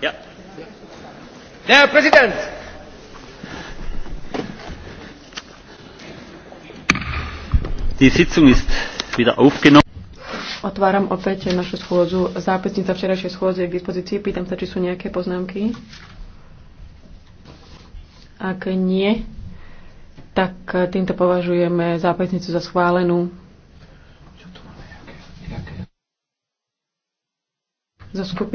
Ja. Herr Präsident! Die Sitzung ist wieder aufgenommen. Otváram opäť našu schôdzu. Zápisnica včerajšej schôdze je k dispozícii. Pýtam sa, či sú nejaké poznámky. Ak nie, tak týmto považujeme zápisnicu za schválenú. Zo skupy